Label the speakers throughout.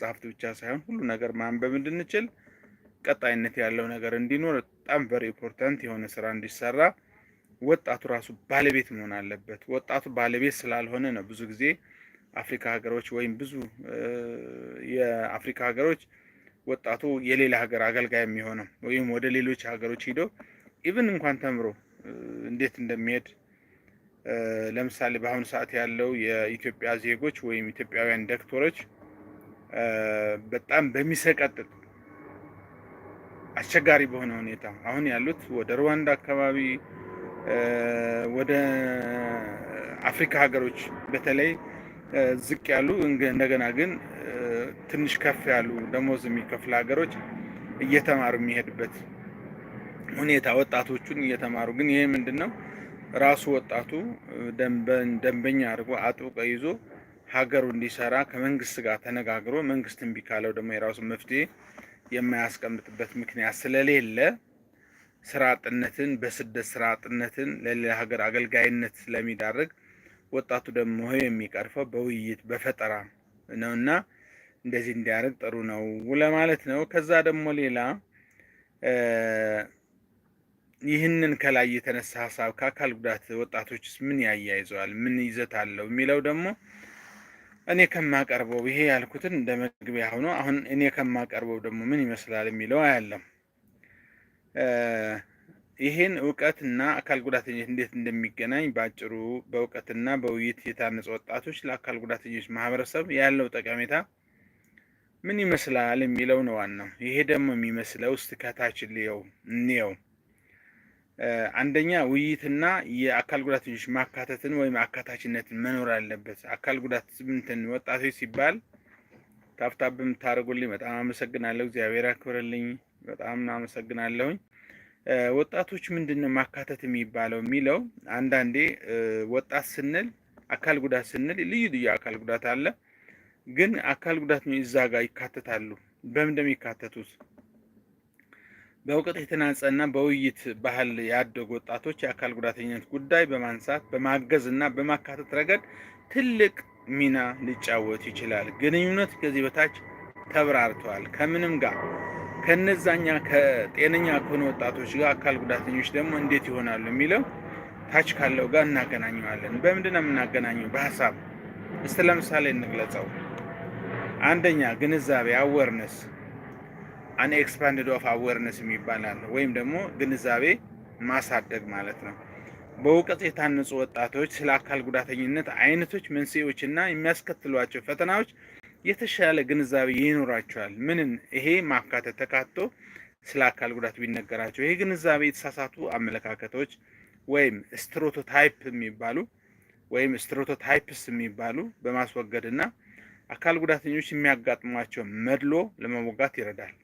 Speaker 1: መጽሐፍት ብቻ ሳይሆን ሁሉ ነገር ማንበብ እንድንችል ቀጣይነት ያለው ነገር እንዲኖር በጣም ቨሪ ኢምፖርታንት የሆነ ስራ እንዲሰራ ወጣቱ ራሱ ባለቤት መሆን አለበት። ወጣቱ ባለቤት ስላልሆነ ነው ብዙ ጊዜ አፍሪካ ሀገሮች ወይም ብዙ የአፍሪካ ሀገሮች ወጣቱ የሌላ ሀገር አገልጋይ የሚሆነው ወይም ወደ ሌሎች ሀገሮች ሂዶ ኢቭን እንኳን ተምሮ እንዴት እንደሚሄድ ለምሳሌ በአሁኑ ሰዓት ያለው የኢትዮጵያ ዜጎች ወይም ኢትዮጵያውያን ዶክተሮች በጣም በሚሰቀጥጥ አስቸጋሪ በሆነ ሁኔታ አሁን ያሉት ወደ ሩዋንዳ አካባቢ ወደ አፍሪካ ሀገሮች በተለይ ዝቅ ያሉ እንደገና ግን ትንሽ ከፍ ያሉ ደሞዝ የሚከፍል ሀገሮች እየተማሩ የሚሄድበት ሁኔታ ወጣቶቹን እየተማሩ ግን ይሄ ምንድን ነው ራሱ ወጣቱ ደንበኛ አድርጎ አጥብቆ ይዞ ሀገሩ እንዲሰራ ከመንግስት ጋር ተነጋግሮ መንግስት እምቢ ካለው ደግሞ የራሱ መፍትሄ የማያስቀምጥበት ምክንያት ስለሌለ ስራ አጥነትን በስደት ስራ አጥነትን ለሌላ ሀገር አገልጋይነት ስለሚዳርግ ወጣቱ ደግሞ የሚቀርፈው በውይይት በፈጠራ ነው እና እንደዚህ እንዲያደርግ ጥሩ ነው ለማለት ነው። ከዛ ደግሞ ሌላ ይህንን ከላይ የተነሳ ሀሳብ ከአካል ጉዳት ወጣቶችስ ምን ያያይዘዋል? ምን ይዘት አለው? የሚለው ደግሞ እኔ ከማቀርበው ይሄ ያልኩትን እንደ መግቢያ ሆኖ አሁን እኔ ከማቀርበው ደግሞ ምን ይመስላል የሚለው አያለም። ይህን እውቀትና አካል ጉዳተኞች እንዴት እንደሚገናኝ በአጭሩ በእውቀትና በውይይት የታነጹ ወጣቶች ለአካል ጉዳተኞች ማህበረሰብ ያለው ጠቀሜታ ምን ይመስላል የሚለው ነው ዋናው። ይሄ ደግሞ የሚመስለው እስቲ ከታች ልየው እንየው። አንደኛ ውይይትና የአካል ጉዳተኞች ማካተትን ወይም አካታችነትን መኖር አለበት። አካል ጉዳት ስምንትን ወጣቶች ሲባል ታፍታብ የምታደርጉልኝ በጣም አመሰግናለሁ። እግዚአብሔር ያክብርልኝ። በጣም አመሰግናለሁኝ። ወጣቶች ምንድን ነው ማካተት የሚባለው የሚለው አንዳንዴ ወጣት ስንል አካል ጉዳት ስንል ልዩ ልዩ አካል ጉዳት አለ። ግን አካል ጉዳተኞች እዛ ጋር ይካተታሉ። በምን እንደሚካተቱት በእውቀት የተናጸና በውይይት ባህል ያደጉ ወጣቶች የአካል ጉዳተኝነት ጉዳይ በማንሳት በማገዝ እና በማካተት ረገድ ትልቅ ሚና ሊጫወት ይችላል። ግንኙነት ከዚህ በታች ተብራርተዋል። ከምንም ጋር ከነዛኛ ከጤነኛ ከሆኑ ወጣቶች ጋር አካል ጉዳተኞች ደግሞ እንዴት ይሆናሉ የሚለው ታች ካለው ጋር እናገናኘዋለን። በምንድን ነው የምናገናኘው? በሀሳብ እስቲ ለምሳሌ እንግለጸው። አንደኛ ግንዛቤ አወርነስ አን ኤክስፓንድድ ኦፍ አዌርነስ የሚባል አለ፣ ወይም ደግሞ ግንዛቤ ማሳደግ ማለት ነው። በእውቀት የታነጹ ወጣቶች ስለ አካል ጉዳተኝነት አይነቶች፣ መንስኤዎች እና የሚያስከትሏቸው ፈተናዎች የተሻለ ግንዛቤ ይኖራቸዋል። ምንን ይሄ ማካተት ተካቶ ስለ አካል ጉዳት ቢነገራቸው ይሄ ግንዛቤ የተሳሳቱ አመለካከቶች ወይም ስትሮቶታይፕ የሚባሉ ወይም ስትሮቶታይፕስ የሚባሉ በማስወገድና አካል ጉዳተኞች የሚያጋጥሟቸው መድሎ ለመወጋት ይረዳል።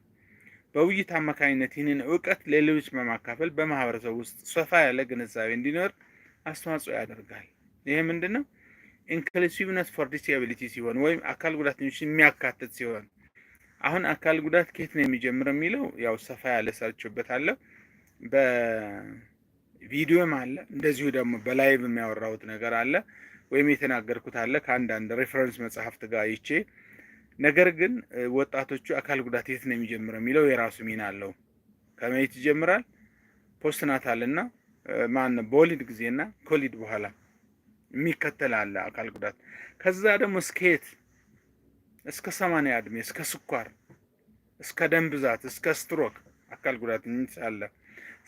Speaker 1: በውይይት አማካኝነት ይህንን እውቀት ለሌሎች በማካፈል በማህበረሰብ ውስጥ ሰፋ ያለ ግንዛቤ እንዲኖር አስተዋጽኦ ያደርጋል። ይህ ምንድን ነው? ኢንክሉሲቭነስ ፎር ዲስኤቢሊቲ ሲሆን ወይም አካል ጉዳተኞችን የሚያካትት ሲሆን አሁን አካል ጉዳት ከየት ነው የሚጀምር የሚለው ያው ሰፋ ያለ ሰርችበት አለው በቪዲዮም አለ፣ እንደዚሁ ደግሞ በላይቭ የሚያወራሁት ነገር አለ ወይም የተናገርኩት አለ ከአንዳንድ ሬፈረንስ መጽሐፍት ጋር ይቼ ነገር ግን ወጣቶቹ አካል ጉዳት የት ነው የሚጀምረው የሚለው የራሱ ሚና አለው። ከመሬት ይጀምራል ፖስትናታል እና ማን በወሊድ ጊዜና ከወሊድ በኋላ የሚከተል አለ አካል ጉዳት። ከዛ ደግሞ እስከ የት እስከ ሰማንያ እድሜ እስከ ስኳር፣ እስከ ደም ብዛት፣ እስከ ስትሮክ አካል ጉዳት አለ።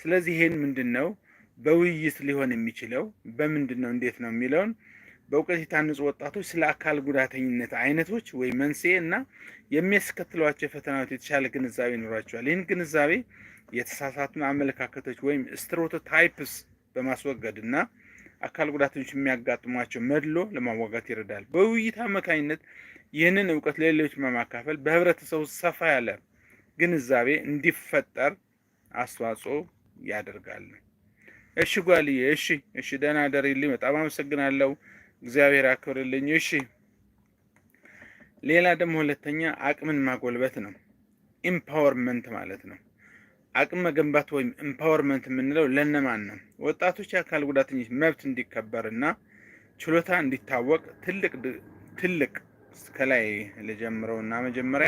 Speaker 1: ስለዚህ ይሄን ምንድን ነው በውይይት ሊሆን የሚችለው በምንድን ነው እንዴት ነው የሚለውን በእውቀት የታነጹ ወጣቶች ስለ አካል ጉዳተኝነት አይነቶች ወይም መንስኤ እና የሚያስከትሏቸው የፈተናዎች የተሻለ ግንዛቤ ይኖራቸዋል። ይህን ግንዛቤ የተሳሳቱን አመለካከቶች ወይም ስትሮቶታይፕስ በማስወገድ እና አካል ጉዳተኞች የሚያጋጥሟቸው መድሎ ለማዋጋት ይረዳል። በውይይት አማካኝነት ይህንን እውቀት ለሌሎች በማካፈል በህብረተሰቡ ሰፋ ያለ ግንዛቤ እንዲፈጠር አስተዋጽኦ ያደርጋል። እሺ ጓልዬ፣ እሺ፣ እሺ፣ ደህና ይልኝ። በጣም አመሰግናለሁ። እግዚአብሔር ያክብርልኝ። እሺ፣ ሌላ ደግሞ ሁለተኛ አቅምን ማጎልበት ነው። ኢምፓወርመንት ማለት ነው። አቅም መገንባት ወይም ኢምፓወርመንት የምንለው ለነማን ነው? ወጣቶች የአካል ጉዳተኞች መብት እንዲከበርና ችሎታ እንዲታወቅ ትልቅ ትልቅ እስከላይ ለጀምረውና መጀመሪያ